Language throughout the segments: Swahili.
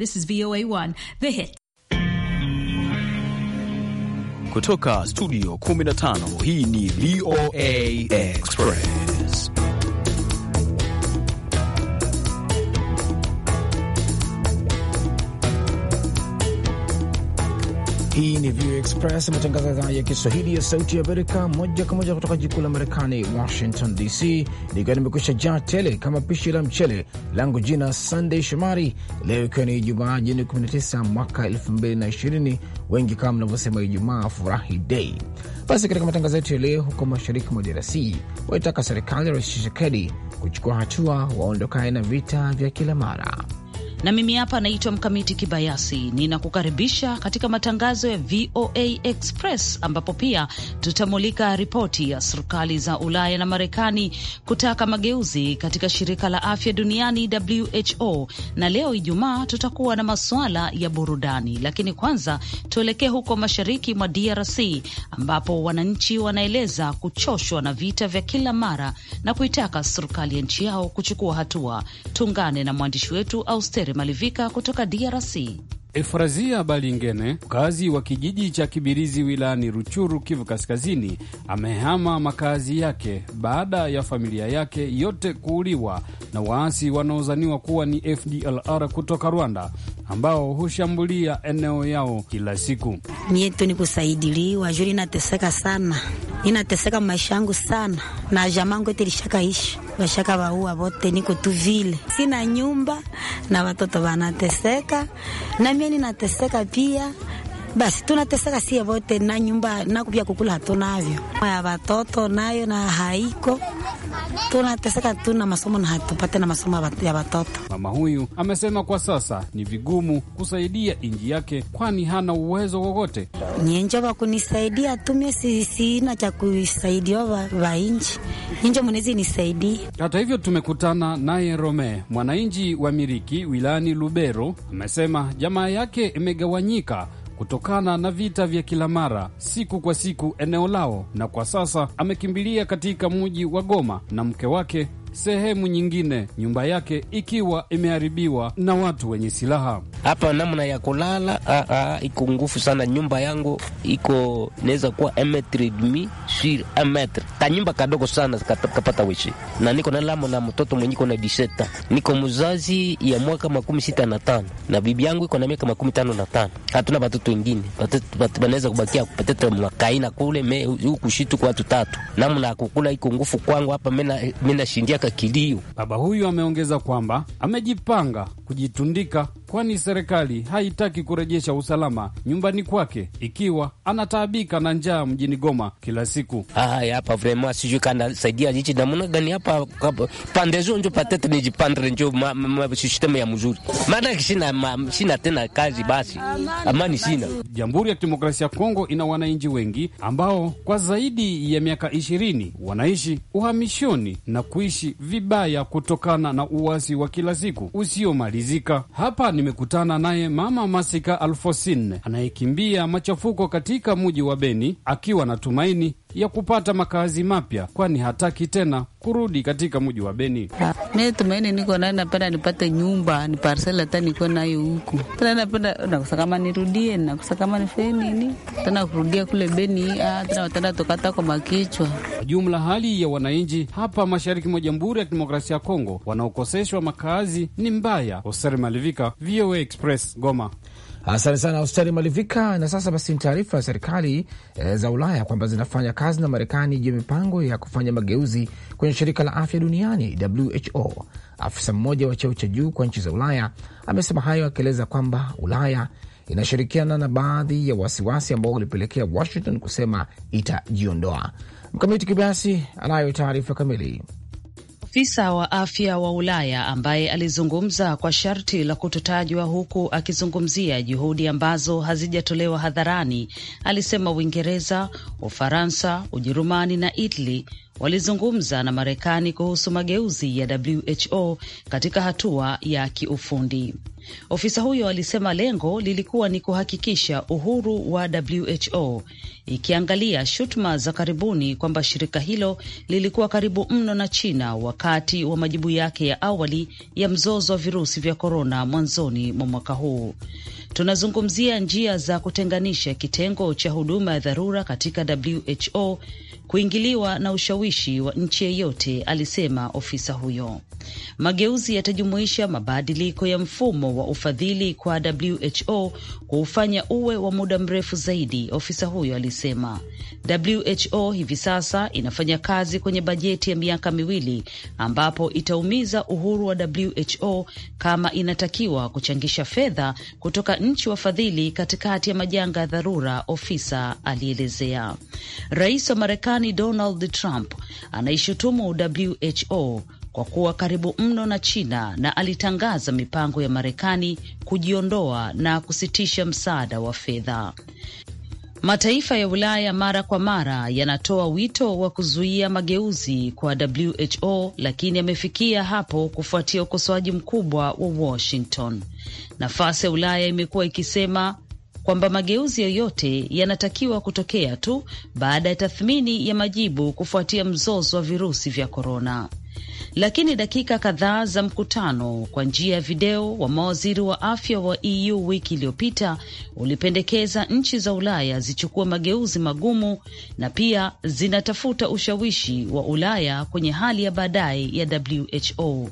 This is VOA1, The Hit. Kutoka studio 15 hii ni VOA Express. Hii ni VOA Express, matangazo ya idhaa ya Kiswahili ya Sauti ya Amerika, moja kwa moja kutoka jikuu la Marekani, Washington DC, likiwa nimekwisha jaa tele kama pishi la mchele langu. Jina Sandey Shomari. Leo ikiwa ni Ijumaa Juni 19 mwaka 2020, wengi kama mnavyosema Ijumaa furahi dei. Basi katika matangazo yetu ya leo, huko mashariki mwa DRC waitaka serikali ya Rais Tshisekedi kuchukua hatua waondokane na vita vya kila mara na mimi hapa naitwa Mkamiti Kibayasi, ninakukaribisha katika matangazo ya VOA Express ambapo pia tutamulika ripoti ya serikali za Ulaya na Marekani kutaka mageuzi katika shirika la afya duniani WHO, na leo Ijumaa tutakuwa na masuala ya burudani. Lakini kwanza tuelekee huko mashariki mwa DRC ambapo wananchi wanaeleza kuchoshwa na vita vya kila mara na kuitaka serikali ya nchi yao kuchukua hatua. Tuungane na mwandishi wetu Austeri Austere Malivika kutoka DRC. Efrazia Balingene, mkazi wa kijiji cha Kibirizi wilayani Ruchuru, Kivu Kaskazini, amehama makazi yake baada ya familia yake yote kuuliwa na waasi wanaozaniwa kuwa ni FDLR kutoka Rwanda, ambao hushambulia eneo yao kila siku. Mietu ni nikusaidiliwa juu inateseka sana, inateseka maisha yangu sana na jamangu yote bashaka baua bote, niko tu vile, sina nyumba na watoto wanateseka, na mimi ninateseka pia basi tunateseka sie vote na nyumba na kupia kukula hatunavyo, ya watoto nayo na haiko, tunateseka tu na masomo na hatupate na masomo ya watoto. Mama huyu amesema kwa sasa ni vigumu kusaidia inji yake, kwani hana uwezo wowote. nyenjo vakunisaidia tumie sisina cha kusaidiwa va, wa inji nyenjo mwenezi nisaidie. Hata hivyo tumekutana naye Rome, mwananchi wa Miriki wilayani Lubero, amesema jamaa yake imegawanyika kutokana na vita vya kila mara siku kwa siku eneo lao, na kwa sasa amekimbilia katika mji wa Goma na mke wake sehemu nyingine, nyumba yake ikiwa imeharibiwa na watu wenye silaha. Hapa namna ya kulala iko ngufu sana. Nyumba yangu iko naweza kuwa kanyumba kadogo sana kapata wishi, na niko nalamo na mtoto mwenye iko na diseta. Niko mzazi ya mwaka makumi sita na tano na bibi yangu iko na miaka makumi tano na tano. Hatuna watoto wengine, wanaweza kubakia patete mwakaina kule me huku shitu kwa watu tatu. Namna ya kukula iko ngufu kwangu hapa, mimi nashindia wanataka kilio. Baba huyu ameongeza kwamba amejipanga kujitundika, kwani serikali haitaki kurejesha usalama nyumbani kwake, ikiwa anataabika na njaa mjini Goma kila siku. hapa vrema, sijui kanasaidia hichi namna gani hapa pande zo njo patete nijipandre njo sistemu ya mzuri, maana sina, sina tena kazi, basi amani sina. Jamhuri ya Kidemokrasia ya Kongo ina wananchi wengi ambao kwa zaidi ya miaka ishirini wanaishi uhamishoni na kuishi vibaya kutokana na uwasi wa kila siku usiomalizika. Hapa nimekutana naye Mama Masika alfosin anayekimbia machafuko katika mji wa Beni akiwa na tumaini ya kupata makazi mapya, kwani hataki tena kurudi katika mji wa Beni. Mi tumaini niko nayo, napenda nipate nyumba ni parsela, hata niko nayo huku tena, napenda nakusa kama nirudie, nakusa kama nifanye nini tena kurudia kule Beni, ah, tena watenda tukata kwa makichwa. Jumla hali ya wananchi hapa mashariki mwa Jamhuri ya Kidemokrasia ya Kongo wanaokoseshwa makazi ni mbaya. Hoser Malivika, VOA Express, Goma. Asante sana Austari Malivika. Na sasa basi, taarifa ya serikali e, za Ulaya kwamba zinafanya kazi na Marekani juu ya mipango ya kufanya mageuzi kwenye shirika la afya duniani WHO. Afisa mmoja wa cheo cha juu kwa nchi za Ulaya amesema hayo akieleza kwamba Ulaya inashirikiana na baadhi ya wasiwasi ambao walipelekea Washington kusema itajiondoa. Mkamiti Kibayasi anayo taarifa kamili. Afisa wa afya wa Ulaya ambaye alizungumza kwa sharti la kutotajwa, huku akizungumzia juhudi ambazo hazijatolewa hadharani, alisema Uingereza, Ufaransa, Ujerumani na Italy walizungumza na Marekani kuhusu mageuzi ya WHO katika hatua ya kiufundi. Ofisa huyo alisema lengo lilikuwa ni kuhakikisha uhuru wa WHO, ikiangalia shutuma za karibuni kwamba shirika hilo lilikuwa karibu mno na China wakati wa majibu yake ya awali ya mzozo wa virusi vya korona mwanzoni mwa mwaka huu. Tunazungumzia njia za kutenganisha kitengo cha huduma ya dharura katika WHO kuingiliwa na ushawishi wa nchi yeyote, alisema ofisa huyo. Mageuzi yatajumuisha mabadiliko ya mfumo wa ufadhili kwa WHO kuufanya uwe wa muda mrefu zaidi, ofisa huyo alisema. WHO hivi sasa inafanya kazi kwenye bajeti ya miaka miwili ambapo itaumiza uhuru wa WHO kama inatakiwa kuchangisha fedha kutoka nchi wafadhili katikati ya majanga ya dharura, ofisa alielezea. Rais wa Marekani Marekani Donald Trump anaishutumu WHO kwa kuwa karibu mno na China na alitangaza mipango ya Marekani kujiondoa na kusitisha msaada wa fedha. Mataifa ya Ulaya mara kwa mara yanatoa wito wa kuzuia mageuzi kwa WHO, lakini yamefikia hapo kufuatia ukosoaji mkubwa wa Washington. Nafasi ya Ulaya imekuwa ikisema kwamba mageuzi yoyote yanatakiwa kutokea tu baada ya tathmini ya majibu kufuatia mzozo wa virusi vya korona lakini dakika kadhaa za mkutano kwa njia ya video wa mawaziri wa afya wa EU wiki iliyopita ulipendekeza nchi za Ulaya zichukue mageuzi magumu na pia zinatafuta ushawishi wa Ulaya kwenye hali ya baadaye ya WHO.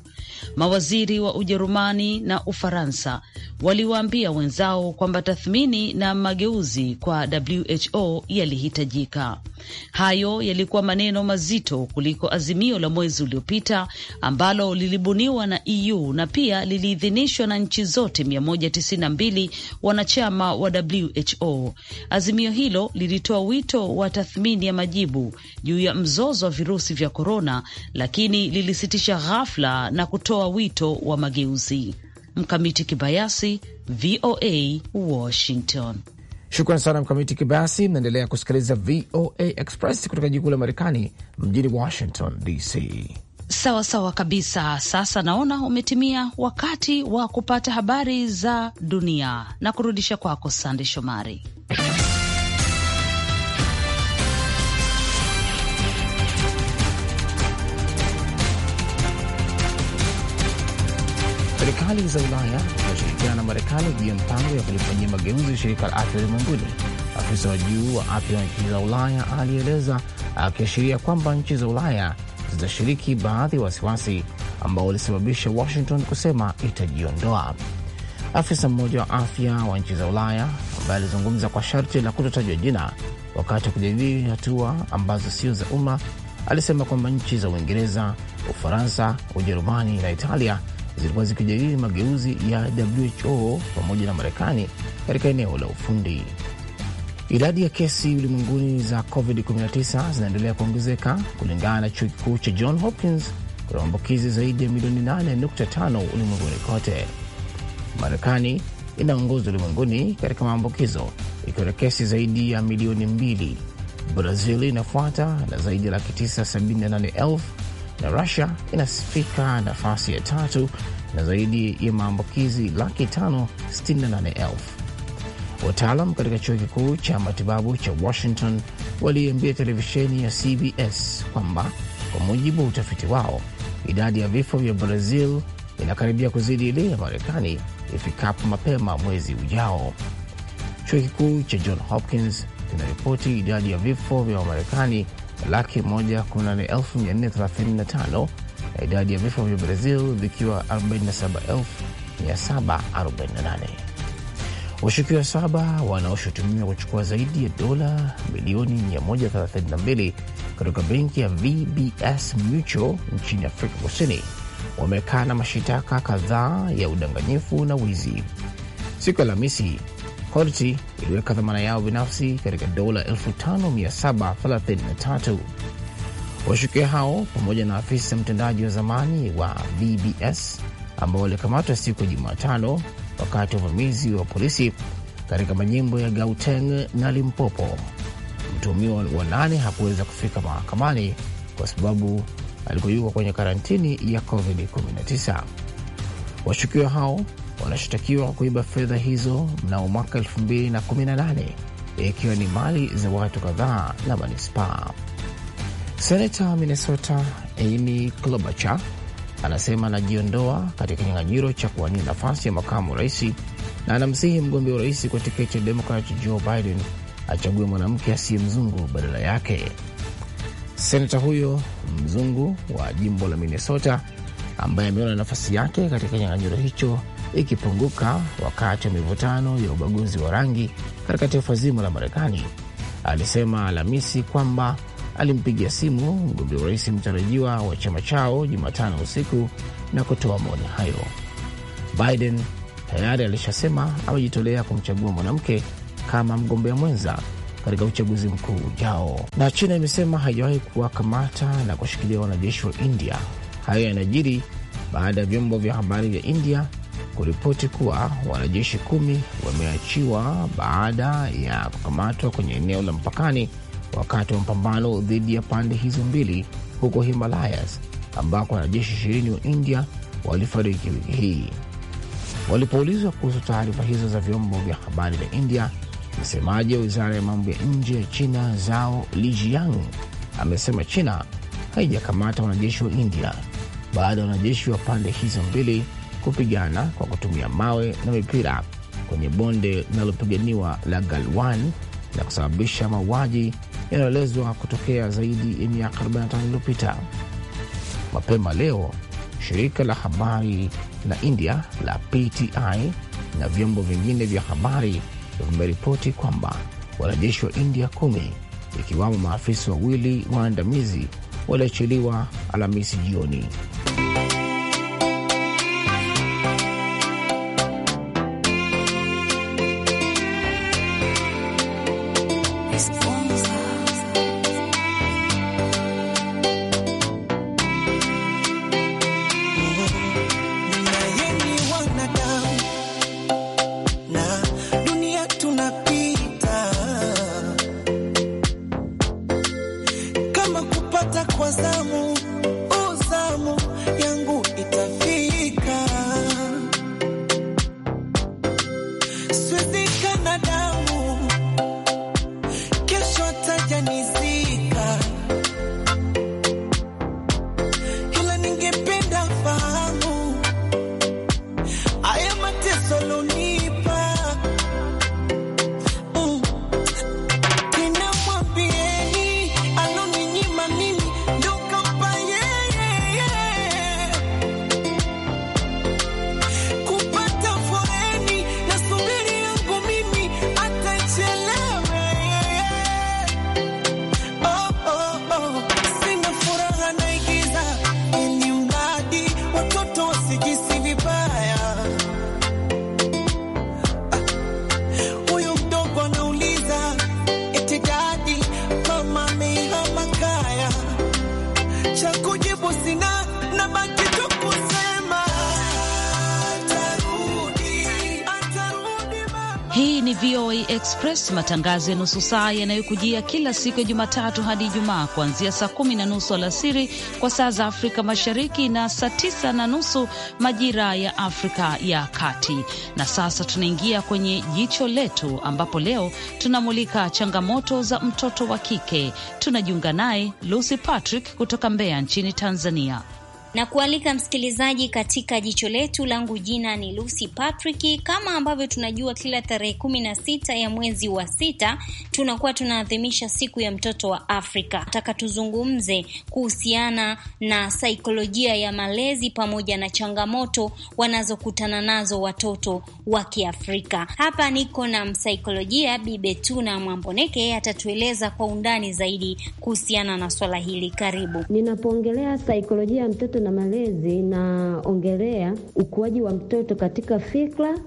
Mawaziri wa Ujerumani na Ufaransa waliwaambia wenzao kwamba tathmini na mageuzi kwa WHO yalihitajika. Hayo yalikuwa maneno mazito kuliko azimio la mwezi uliopita mazingira ambalo lilibuniwa na EU na pia liliidhinishwa na nchi zote 192 wanachama wa WHO. Azimio hilo lilitoa wito wa tathmini ya majibu juu ya mzozo wa virusi vya korona, lakini lilisitisha ghafla na kutoa wito wa mageuzi. Mkamiti Kibayasi, VOA Washington. Shukran sana Mkamiti Kibayasi. Mnaendelea kusikiliza VOA Express kutoka jiji kuu la Marekani, mjini Washington DC. Sawa sawa kabisa. Sasa naona umetimia wakati wa kupata habari za dunia na kurudisha kwako Sande Shomari. Serikali za Ulaya zinashirikiana na Marekani juu ya mpango ya kulifanyia mageuzi shirika la afya ulimwenguni, afisa wa juu wa afya nchi za Ulaya alieleza, akiashiria kwamba nchi za Ulaya zitashiriki baadhi ya wasiwasi ambao ulisababisha Washington kusema itajiondoa. Afisa mmoja wa afya wa nchi za Ulaya ambaye alizungumza kwa sharti la kutotajwa jina wakati wa kujadili hatua ambazo sio za umma alisema kwamba nchi za Uingereza, Ufaransa, Ujerumani na Italia zilikuwa zikijadili mageuzi ya WHO pamoja na Marekani katika eneo la ufundi. Idadi ya kesi ulimwenguni za COVID-19 zinaendelea kuongezeka kulingana na chuo kikuu cha John Hopkins, kuna maambukizi zaidi ya milioni 8.5 ulimwenguni kote. Marekani inaongoza ulimwenguni katika maambukizo ikiwa na kesi zaidi ya milioni mbili. Brazil inafuata na zaidi ya laki 978,000 na Rusia inafika nafasi ya tatu na zaidi ya maambukizi laki 568,000. Wataalam katika chuo kikuu cha matibabu cha Washington waliiambia televisheni ya CBS kwamba kwa mujibu wa utafiti wao, idadi ya vifo vya Brazil inakaribia kuzidi ile ya Marekani ifikapo mapema mwezi ujao. Chuo kikuu cha John Hopkins kinaripoti idadi ya vifo vya Wamarekani laki moja kumi na elfu mia nne thelathini na tano na idadi ya vifo vya Brazil vikiwa 47748. Washukiwa saba wanaoshutumiwa kuchukua zaidi ya dola milioni 132 kutoka benki ya VBS Mutual nchini Afrika Kusini na mashitaka kadhaa ya udanganyifu na wizi. Siku ya Alhamisi, korti iliweka dhamana yao binafsi katika dola 5733. Washukiwa hao pamoja na afisa mtendaji wa zamani wa VBS ambao walikamatwa siku ya Jumatano wakati wa uvamizi wa polisi katika majimbo ya Gauteng na Limpopo. Mtuhumiwa wa nane hakuweza kufika mahakamani kwa sababu alikuwa yuko kwenye karantini ya COVID-19. Washukiwa hao wanashtakiwa kwa kuiba fedha hizo mnamo mwaka 2018 ikiwa ni mali za watu kadhaa na manispaa. Senata Minnesota Amy Klobuchar anasema anajiondoa katika kinyang'anyiro cha kuwania nafasi ya makamu wa rais na anamsihi mgombea wa rais kwa tiketi ya Demokrat Joe Biden achague mwanamke asiye mzungu badala yake. Senata huyo mzungu wa jimbo la Minnesota, ambaye ameona nafasi yake katika kinyang'anyiro hicho ikipunguka wakati wa mivutano ya ubaguzi wa rangi katika taifa zima la Marekani, alisema Alhamisi kwamba alimpigia simu mgombea urais mtarajiwa wa chama chao Jumatano usiku na kutoa maoni hayo. Biden tayari alishasema amejitolea kumchagua mwanamke kama mgombea mwenza katika uchaguzi mkuu ujao. Na China imesema haijawahi kuwakamata na kushikilia wanajeshi wa India. Hayo yanajiri baada ya vyombo vya habari vya India kuripoti kuwa wanajeshi kumi wameachiwa baada ya kukamatwa kwenye eneo la mpakani wakati wa mapambano dhidi ya pande hizo mbili huko Himalayas, ambako wanajeshi ishirini wa India walifariki wiki hii. Walipoulizwa kuhusu taarifa hizo za vyombo vya habari vya India, msemaji wa wizara ya mambo ya nje ya China Zhao Lijiang amesema China haijakamata wanajeshi wa India baada ya wanajeshi wa pande hizo mbili kupigana kwa kutumia mawe na mipira kwenye bonde linalopiganiwa la Galwan na kusababisha mauaji yanaelezwa kutokea zaidi ya miaka 45 iliyopita. Mapema leo shirika la habari la India la PTI na vyombo vingine vya habari vimeripoti kwamba wanajeshi wa India kumi ikiwamo maafisa wawili waandamizi waliachiliwa Alhamisi jioni. cha kujibu sina VOA Express, matangazo ya nusu saa yanayokujia kila siku ya Jumatatu hadi Ijumaa kuanzia saa kumi na nusu alasiri kwa saa za Afrika Mashariki na saa tisa na nusu majira ya Afrika ya Kati. Na sasa tunaingia kwenye jicho letu, ambapo leo tunamulika changamoto za mtoto wa kike. Tunajiunga naye Lucy Patrick kutoka Mbeya nchini Tanzania na kualika msikilizaji katika jicho letu. Langu jina ni Lucy Patrick. Kama ambavyo tunajua, kila tarehe kumi na sita ya mwezi wa sita tunakuwa tunaadhimisha siku ya mtoto wa Afrika. Nataka tuzungumze kuhusiana na saikolojia ya malezi pamoja na changamoto wanazokutana nazo watoto wa Kiafrika. Hapa niko na msaikolojia bibetuna Mwamboneke, yeye atatueleza kwa undani zaidi kuhusiana na swala hili. Karibu. Ninapoongelea saikolojia ya mtoto na malezi inaongelea ukuaji wa mtoto katika fikra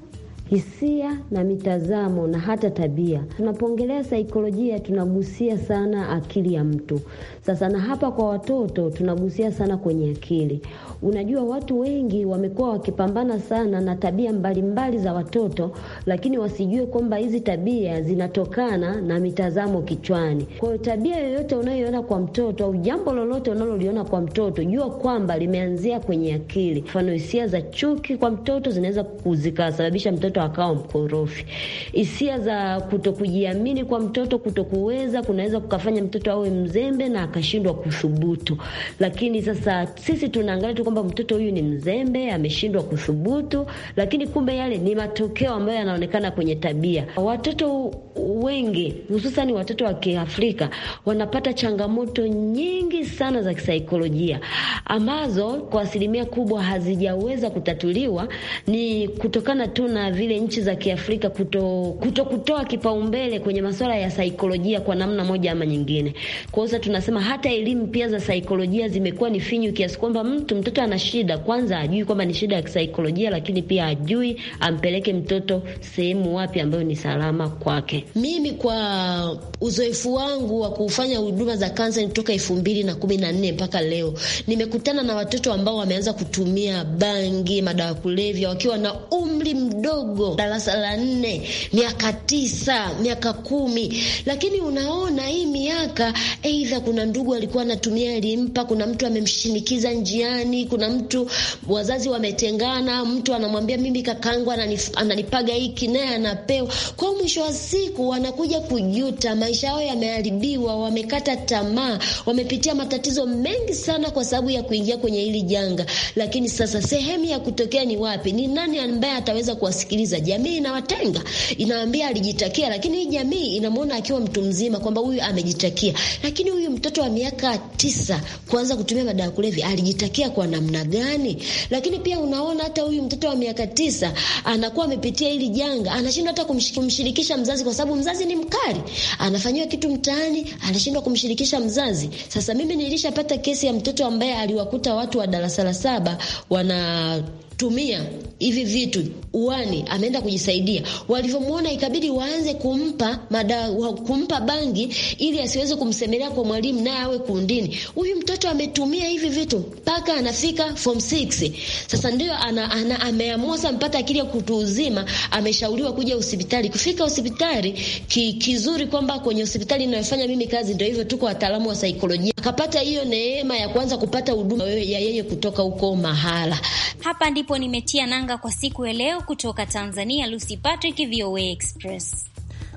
hisia na mitazamo na hata tabia. Tunapoongelea saikolojia, tunagusia sana akili ya mtu. Sasa na hapa kwa watoto tunagusia sana kwenye akili. Unajua, watu wengi wamekuwa wakipambana sana na tabia mbalimbali mbali za watoto, lakini wasijue kwamba hizi tabia zinatokana na mitazamo kichwani. Kwa hiyo tabia yoyote unayoiona kwa mtoto au jambo lolote unaloliona kwa mtoto, jua kwamba limeanzia kwenye akili. Mfano, hisia za chuki kwa mtoto zinaweza zikasababisha mtoto akawa mkorofi. Hisia za kutokujiamini kwa mtoto, kutokuweza, kunaweza kukafanya mtoto awe mzembe na akashindwa kuthubutu. Lakini sasa sisi tunaangalia tu kwamba mtoto huyu ni mzembe, ameshindwa kuthubutu, lakini kumbe yale ni matokeo ambayo yanaonekana kwenye tabia. Watoto wengi hususan watoto wa Kiafrika wanapata changamoto nyingi sana za kisaikolojia ambazo kwa asilimia kubwa hazijaweza kutatuliwa. Ni kutokana tu na vile nchi za Kiafrika kuto, kuto kutoa kipaumbele kwenye masuala ya saikolojia kwa namna moja ama nyingine. Kwa hiyo tunasema hata elimu pia za saikolojia zimekuwa ni finyu kiasi kwamba mtu mtoto ana shida, kwanza ajui kwamba ni shida ya kisaikolojia, lakini pia ajui ampeleke mtoto sehemu wapi ambayo ni salama kwake. Mimi kwa uzoefu wangu wa kufanya huduma za kansa toka elfu mbili na kumi na nne mpaka leo, nimekutana na watoto ambao wameanza kutumia bangi, madawa kulevya wakiwa na umri mdogo, darasa la nne, miaka tisa, miaka kumi, lakini unaona hii miaka eidha kuna ndugu alikuwa anatumia alimpa, kuna mtu amemshinikiza njiani, kuna mtu wazazi wametengana, mtu anamwambia mimi kakaangu ananif, ananipaga hiki naye anapewa. Kwa hiyo mwisho wa siku wanakuja kujuta, maisha yao yameharibiwa, wamekata tamaa, wamepitia matatizo mengi sana kwa sababu ya kuingia kwenye hili janga. Lakini sasa sehemu ya kutokea ni wapi? Ni nani ambaye ataweza kuwasikiliza? Jamii inawatenga, inawaambia alijitakia, lakini hii jamii inamwona akiwa mtu mzima kwamba huyu amejitakia, lakini huyu mtoto mtoto wa miaka tisa kuanza kutumia madawa ya kulevya alijitakia kwa namna gani? Lakini pia unaona hata huyu mtoto wa miaka tisa anakuwa amepitia hili janga, anashindwa hata kumshirikisha mzazi, kwa sababu mzazi ni mkali, anafanyiwa kitu mtaani, anashindwa kumshirikisha mzazi. Sasa mimi nilishapata kesi ya mtoto ambaye aliwakuta watu wa darasa la saba wana kutumia hivi vitu uani, ameenda kujisaidia. Walivyomwona ikabidi waanze kumpa madawa, kumpa bangi ili asiweze kumsemelea kwa mwalimu, naye awe kundini. Huyu mtoto ametumia hivi vitu mpaka anafika form 6. Sasa ndio ana, ana ameamua sasa, mpata akili ya kutu uzima, ameshauriwa kuja hospitali. Kufika hospitali ki, kizuri kwamba kwenye hospitali inayofanya mimi kazi ndio hivyo, tuko wataalamu wa saikolojia akapata hiyo neema ya kwanza kupata huduma ya yeye kutoka huko mahala. Hapa ndipo nimetia nanga kwa siku ya leo. Kutoka Tanzania, Lucy Patrick, VOA Express.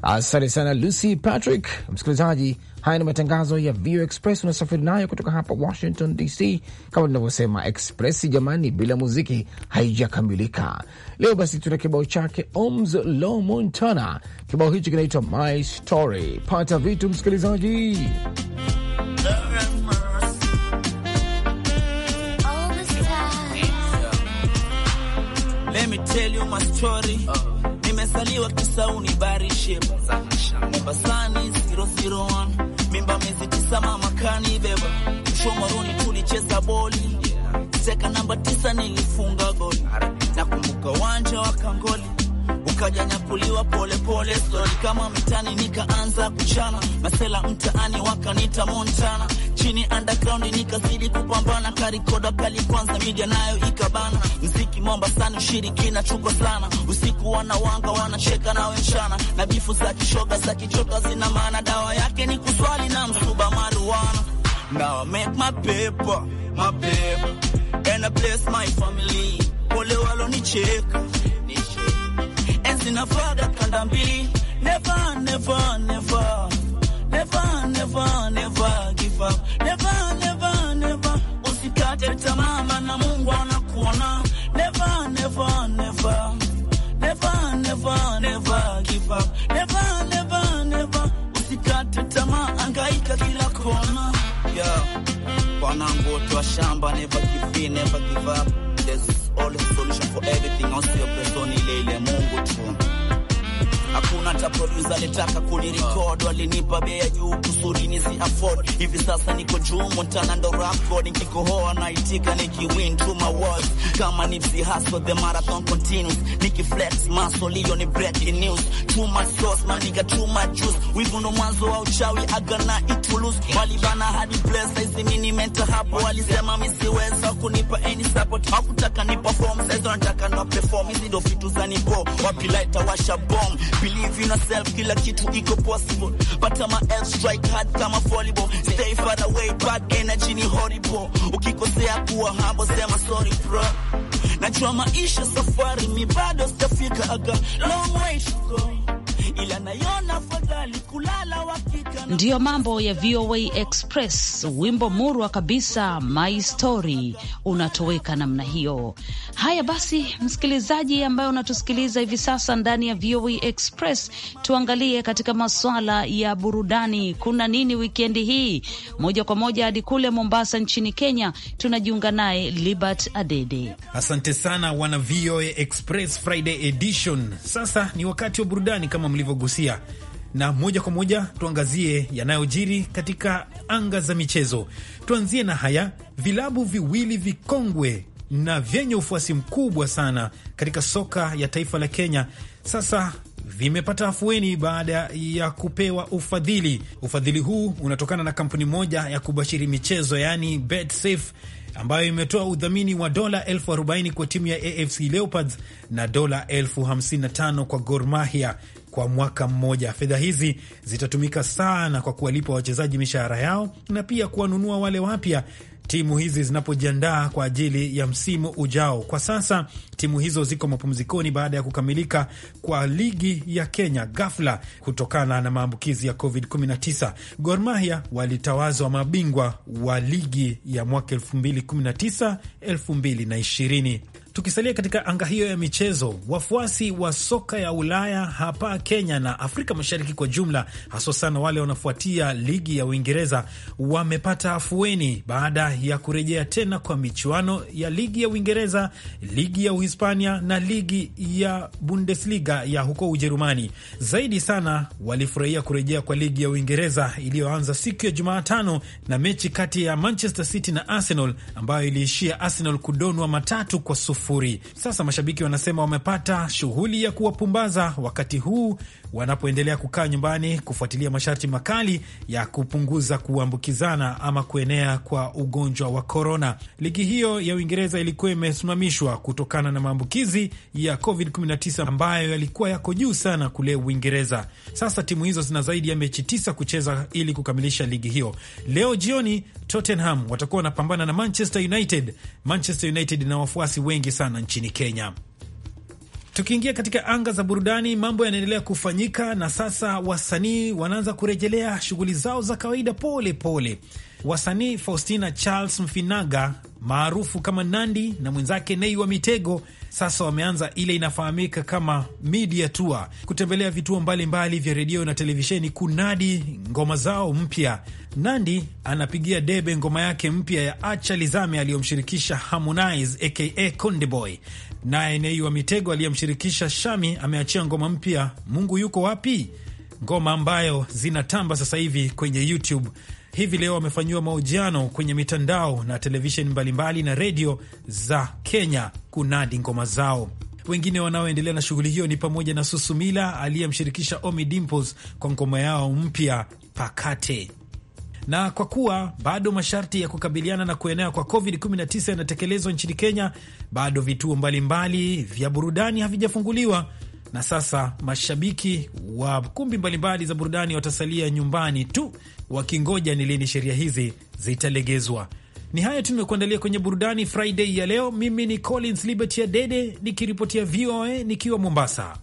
Asante sana Lucy Patrick. Msikilizaji, haya ni matangazo ya VOA Express unasafiri nayo kutoka hapa Washington DC. Kama tunavyosema Express jamani, bila muziki haijakamilika leo. Basi tuna kibao chake Oms Low Montana. Kibao hicho kinaitwa My Story. Pata vitu msikilizaji love kama story Nimesaliwa Kisauni bariship Mombasani 001 mimba miezi tisa mama kani beba Shomoroni tulicheza boli seka namba tisa nilifunga goli na kumbuka uwanja wa Kangoli ukajanyakuliwa polepole sloli kama mitani nikaanza kuchana masela mtaani wakanita Montana chini underground, nikazidi kupambana, karikoda pali kwanza, media nayo ikabana, mziki Mombasani ushirikina chuko sana, usiku wanawanga wanacheka na wenshana, na bifu za kishoga za kichoka zina maana, dawa yake ni kuswali na msuba maruana. Now I make my paper, my paper, and I bless my family, pole walo wale walonicheka enzi na fada kanda mbili, never, never, never, never, never, never never, never, never, never. Usikate tamaa, maana Mungu anakuona. Never, never, never. Never, never, never give up. Never, never, never. Usikate tamaa, angaika kila kona. Yeah. Wanangu wote wa shamba, never give in, never give up. There's always a solution for everything. Also your best producer alitaka kulirecord, alinipa bei ya juu kusudi nizi afford. Hivi sasa niko juu Montana, ndo record nikikohoa na itika nikiwin to my words, kama Nipsey Hussle the marathon continues, nikiflex muscle hiyo ni breaking news, too much sauce man nigga too much juice, wivu ndo mwanzo wa uchawi agana it will lose, walibana hadi place hizi mini mental hapo, walisema misiweza kunipa any support, hakutaka ni perform, sasa nataka na perform, hizi ndo vitu za nipo wapi lighter washa bomb believe you yourself, kila kitu iko possible. Pata ma L strike hard kama volleyball, stay far away, bad energy ni horrible. Ukikosea kuwa humble, sema sorry bro. Najua maisha safari, mi bado sitafika, aga long way to go, ila nayona fadhali kulala waki Ndiyo mambo ya VOA Express. Wimbo murwa kabisa, my story, unatoweka namna hiyo. Haya basi, msikilizaji ambaye unatusikiliza hivi sasa ndani ya VOA Express, tuangalie katika masuala ya burudani, kuna nini wikendi hii? Moja kwa moja hadi kule Mombasa nchini Kenya, tunajiunga naye Libert Adede. Asante sana wana VOA Express Friday Edition. Sasa ni wakati wa burudani kama mlivyogusia na moja kwa moja tuangazie yanayojiri katika anga za michezo. Tuanzie na haya vilabu viwili vikongwe na vyenye ufuasi mkubwa sana katika soka ya taifa la Kenya sasa vimepata afueni baada ya kupewa ufadhili. Ufadhili huu unatokana na kampuni moja ya kubashiri michezo, yaani BetSafe ambayo imetoa udhamini wa dola elfu arobaini kwa timu ya AFC Leopards na dola elfu hamsini na tano kwa Gor Mahia kwa mwaka mmoja. Fedha hizi zitatumika sana kwa kuwalipa wachezaji mishahara yao na pia kuwanunua wale wapya timu hizi zinapojiandaa kwa ajili ya msimu ujao. Kwa sasa timu hizo ziko mapumzikoni baada ya kukamilika kwa ligi ya Kenya ghafla kutokana na maambukizi ya COVID-19. Gor Mahia walitawazwa mabingwa wa ligi ya mwaka 2019 2020. Tukisalia katika anga hiyo ya michezo, wafuasi wa soka ya Ulaya hapa Kenya na Afrika Mashariki kwa jumla, haswa sana wale wanafuatia ligi ya Uingereza, wamepata afueni baada ya kurejea tena kwa michuano ya ligi ya Uingereza, ligi ya Uhispania na ligi ya Bundesliga ya huko Ujerumani. Zaidi sana walifurahia kurejea kwa ligi ya Uingereza iliyoanza siku ya Jumatano na mechi kati ya Manchester City na Arsenal ambayo iliishia Arsenal kudonwa matatu kwa sufu sifuri. Sasa mashabiki wanasema wamepata shughuli ya kuwapumbaza wakati huu wanapoendelea kukaa nyumbani kufuatilia masharti makali ya kupunguza kuambukizana ama kuenea kwa ugonjwa wa korona. Ligi hiyo ya Uingereza ilikuwa imesimamishwa kutokana na maambukizi ya COVID-19 ambayo yalikuwa yako juu sana kule Uingereza. Sasa timu hizo zina zaidi ya mechi tisa kucheza ili kukamilisha ligi hiyo. Leo jioni Tottenham watakuwa wanapambana na Manchester United. Manchester United na wafuasi wengi sana nchini Kenya. Tukiingia katika anga za burudani, mambo yanaendelea kufanyika na sasa wasanii wanaanza kurejelea shughuli zao za kawaida pole pole. Wasanii Faustina Charles Mfinaga maarufu kama Nandi na mwenzake Nei wa Mitego sasa wameanza ile inafahamika kama media tour, kutembelea vituo mbalimbali vya redio na televisheni kunadi ngoma zao mpya. Nandi anapigia debe ngoma yake mpya ya acha lizame aliyomshirikisha Harmonize aka Konde Boy, naye Nei wa Mitego aliyemshirikisha Shami ameachia ngoma mpya Mungu yuko wapi, ngoma ambayo zinatamba sasa hivi kwenye YouTube hivi leo wamefanyiwa mahojiano kwenye mitandao na televisheni mbalimbali na redio za Kenya kunadi ngoma zao. Wengine wanaoendelea na shughuli hiyo ni pamoja na Susumila aliyemshirikisha Omi Dimples kwa ngoma yao mpya Pakate. Na kwa kuwa bado masharti ya kukabiliana na kuenea kwa COVID-19 yanatekelezwa nchini Kenya, bado vituo mbalimbali vya burudani havijafunguliwa na sasa mashabiki wa kumbi mbalimbali za burudani watasalia nyumbani tu wakingoja ni lini sheria hizi zitalegezwa. Ni hayo tumekuandalia kwenye burudani Friday ya leo. Mimi ni Collins Liberty Adede nikiripotia VOA nikiwa Mombasa.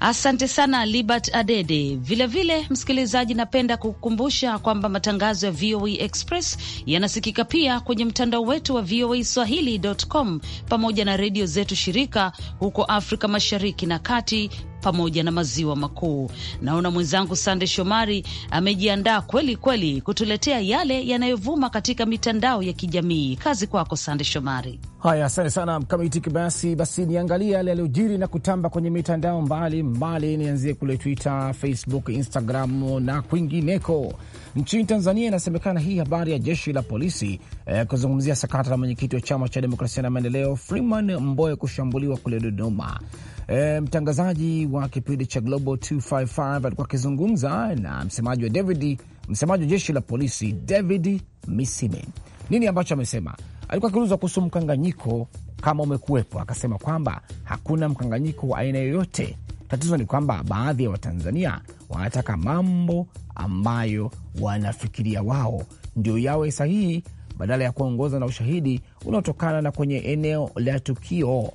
Asante sana Libert Adede. Vilevile msikilizaji, napenda kukukumbusha kwamba matangazo ya VOA Express yanasikika pia kwenye mtandao wetu wa VOA Swahili.com pamoja na redio zetu shirika huko Afrika Mashariki na Kati pamoja na maziwa makuu. Naona mwenzangu Sande Shomari amejiandaa kweli kweli kutuletea yale yanayovuma katika mitandao ya kijamii. Kazi kwako Sande Shomari. Haya, asante sana Mkamiti Kibasi. Basi niangalie yale yaliyojiri na kutamba kwenye mitandao mbalimbali, nianzie kule Twitter, Facebook, Instagram na kwingineko. Nchini Tanzania inasemekana hii habari ya jeshi la polisi eh, kuzungumzia sakata la mwenyekiti wa chama cha demokrasia na maendeleo Freeman Mboye kushambuliwa kule Dodoma. Eh, mtangazaji wa kipindi cha Global 255 alikuwa akizungumza na msemaji wa David, msemaji wa jeshi la polisi David Misime. Nini ambacho amesema? Alikuwa akiulizwa kuhusu mkanganyiko kama umekuwepo, akasema kwamba hakuna mkanganyiko wa aina yoyote. Tatizo ni kwamba baadhi ya Watanzania wanataka mambo ambayo wanafikiria wao ndio yawe sahihi badala ya kuongoza na ushahidi unaotokana na kwenye eneo la tukio.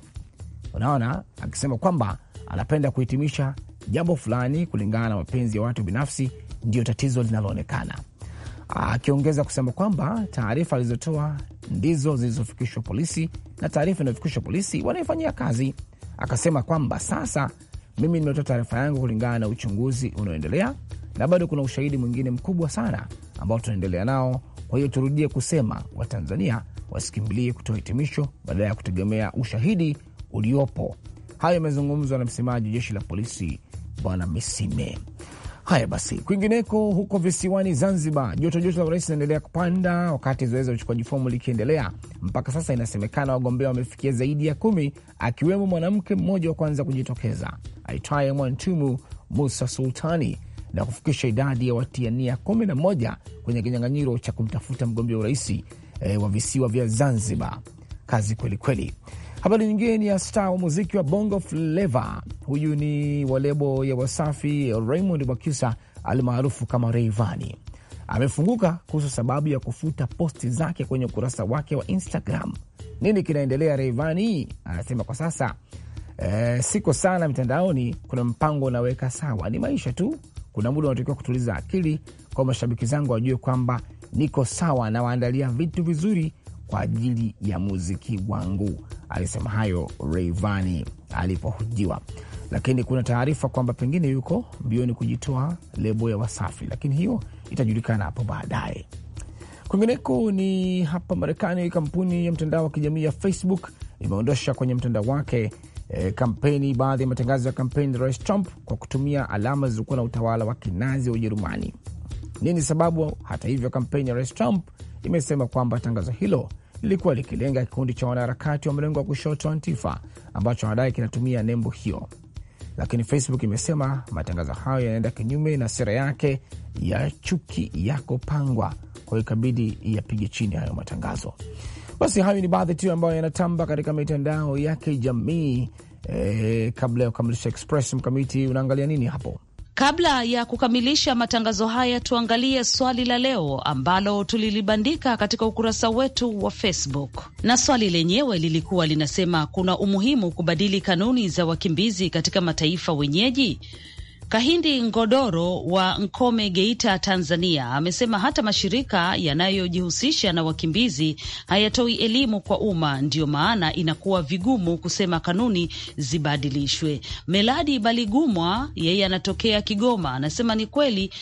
Unaona, akisema kwamba anapenda kuhitimisha jambo fulani kulingana na mapenzi ya watu binafsi ndiyo tatizo linaloonekana, akiongeza kusema kwamba taarifa alizotoa ndizo zilizofikishwa polisi na taarifa inayofikishwa polisi wanaifanyia kazi. Akasema kwamba sasa, mimi nimetoa taarifa yangu kulingana na uchunguzi unaoendelea na bado kuna ushahidi mwingine mkubwa sana ambao tunaendelea nao. Kwa hiyo turudie kusema Watanzania wasikimbilie kutoa hitimisho badala ya kutegemea ushahidi uliopo. Hayo yamezungumzwa na msemaji wa jeshi la polisi Bwana Misime. Haya basi, kwingineko huko visiwani Zanzibar, joto joto la urais linaendelea kupanda wakati zoezi la uchukuaji fomu likiendelea. Mpaka sasa inasemekana wagombea wamefikia zaidi ya kumi, akiwemo mwanamke mmoja wa kwanza kujitokeza aitwaye Mwantumu Musa Sultani na kufikisha idadi ya watiania 11 kwenye kinyang'anyiro cha kumtafuta mgombea wa urais e, wa visiwa vya Zanzibar. Kazi kwelikweli. Habari nyingine ni ya star wa muziki wa bongo fleva. Huyu ni wa lebo ya Wasafi, Raymond Mwakyusa almaarufu kama Rayvanny amefunguka kuhusu sababu ya kufuta posti zake kwenye ukurasa wake wa Instagram. Nini kinaendelea? Rayvanny anasema kwa sasa e, siko sana mitandaoni, kuna mpango unaweka sawa, ni maisha tu, kuna muda unatakiwa kutuliza akili, kwa mashabiki zangu wajue kwamba niko sawa nawaandalia vitu vizuri kwa ajili ya muziki wangu. Alisema hayo Rayvanny alipohojiwa, lakini kuna taarifa kwamba pengine yuko mbioni kujitoa lebo ya Wasafi, lakini hiyo itajulikana hapo baadaye. Kwingineko ni hapa Marekani, kampuni ya mtandao wa kijamii ya Facebook imeondosha kwenye mtandao wake e, kampeni, baadhi ya matangazo ya kampeni ya Rais Trump kwa kutumia alama zilizokuwa na utawala wa kinazi wa Ujerumani. Nini sababu? Hata hivyo, kampeni ya Rais Trump imesema kwamba tangazo hilo lilikuwa likilenga kikundi cha wanaharakati wa mrengo wa kushoto Antifa ambacho anadai kinatumia nembo hiyo, lakini Facebook imesema matangazo hayo yanaenda kinyume na sera yake ya chuki yako pangwa, kwa hiyo ikabidi yapige chini hayo matangazo. Basi hayo ni baadhi tu ambayo yanatamba katika mitandao ya kijamii. Eh, kabla ya kukamilisha Express Mkamiti, unaangalia nini hapo? Kabla ya kukamilisha matangazo haya, tuangalie swali la leo ambalo tulilibandika katika ukurasa wetu wa Facebook, na swali lenyewe lilikuwa linasema kuna umuhimu kubadili kanuni za wakimbizi katika mataifa wenyeji. Kahindi Ngodoro wa Nkome, Geita, Tanzania, amesema hata mashirika yanayojihusisha na wakimbizi hayatoi elimu kwa umma, ndiyo maana inakuwa vigumu kusema kanuni zibadilishwe. Meladi Baligumwa, yeye anatokea Kigoma, anasema ni kweli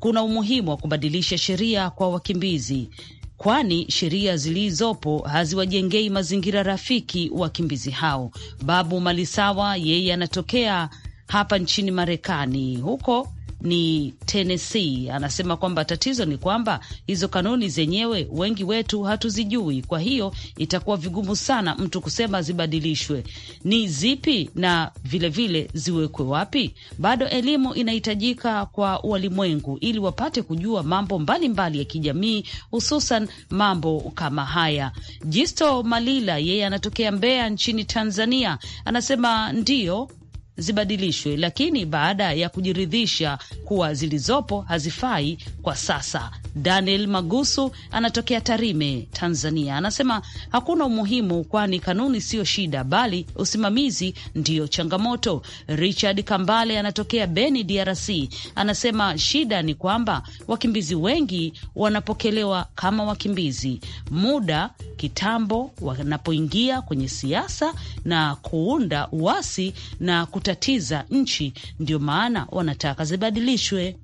kuna umuhimu wa kubadilisha sheria kwa wakimbizi kwani sheria zilizopo haziwajengei mazingira rafiki wakimbizi hao. Babu Malisawa yeye anatokea hapa nchini Marekani huko ni Tennessee anasema kwamba tatizo ni kwamba hizo kanuni zenyewe wengi wetu hatuzijui, kwa hiyo itakuwa vigumu sana mtu kusema zibadilishwe ni zipi na vilevile ziwekwe wapi. Bado elimu inahitajika kwa walimwengu ili wapate kujua mambo mbalimbali mbali ya kijamii, hususan mambo kama haya. Jisto Malila yeye anatokea Mbeya nchini Tanzania, anasema ndiyo zibadilishwe, lakini baada ya kujiridhisha kuwa zilizopo hazifai kwa sasa. Daniel Magusu anatokea Tarime, Tanzania, anasema hakuna umuhimu, kwani kanuni siyo shida, bali usimamizi ndiyo changamoto. Richard Kambale anatokea Beni, DRC, anasema shida ni kwamba wakimbizi wengi wanapokelewa kama wakimbizi muda kitambo wanapoingia kwenye siasa na kuunda uasi na kuta kutatiza nchi, ndio maana wanataka zibadilishwe.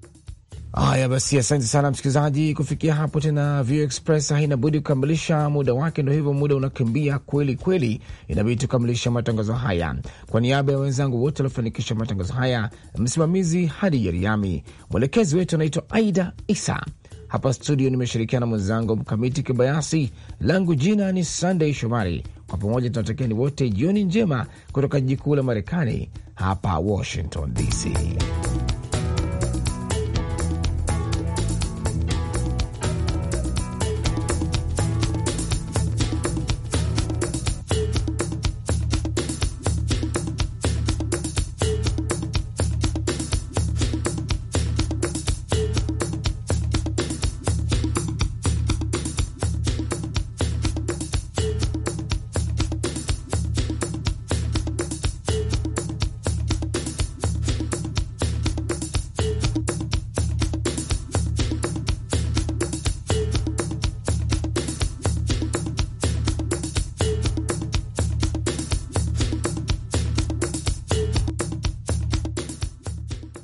Haya basi, asante sana msikilizaji. Kufikia hapo tena, Vio Express haina budi kukamilisha muda wake. Ndo hivyo, muda unakimbia kweli kweli, inabidi tukamilisha matangazo haya. Kwa niaba ya wenzangu wote waliofanikisha matangazo haya, msimamizi Hadi Yeriami, mwelekezi wetu anaitwa Aida Isa. Hapa studio nimeshirikiana mwenzangu Mkamiti Kibayasi, langu jina ni sandey Shomari. Kwa pamoja ni wote jioni njema kutoka jiji kuu la Marekani hapa Washington DC.